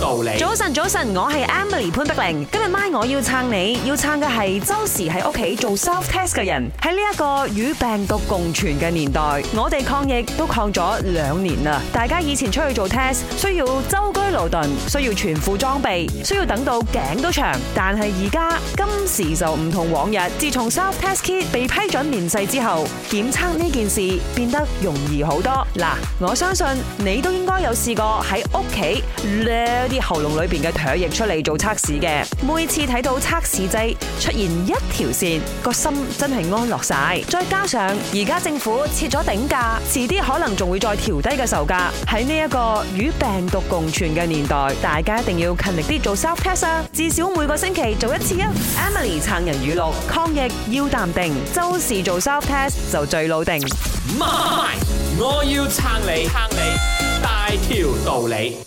道。早晨，早晨，我係 Emily 潘碧玲，今日晚我要撐你，要撐嘅係周時喺屋企做 self test 嘅人。喺呢一個與病毒共存嘅年代，我哋抗疫都抗咗兩年啦。大家以前出去做 test，需要舟車勞頓，需要全副裝備，需要等到頸都長。但係而家今時就唔同往日。自從 self test kit 被批准面世之後，檢測呢件事變得容易好多。嗱，我相信你都應該有試過喺屋企咧。一啲喉嚨裏邊嘅唾液出嚟做測試嘅，每次睇到測試劑出現一條線，個心真係安落晒。再加上而家政府設咗頂價，遲啲可能仲會再調低嘅售價。喺呢一個與病毒共存嘅年代，大家一定要勤力啲做 self test 啊，至少每個星期做一次啊。Emily 撐人語錄，抗疫要淡定，周時做 self test 就最老定。My，我要撐你，撐你，大條道理。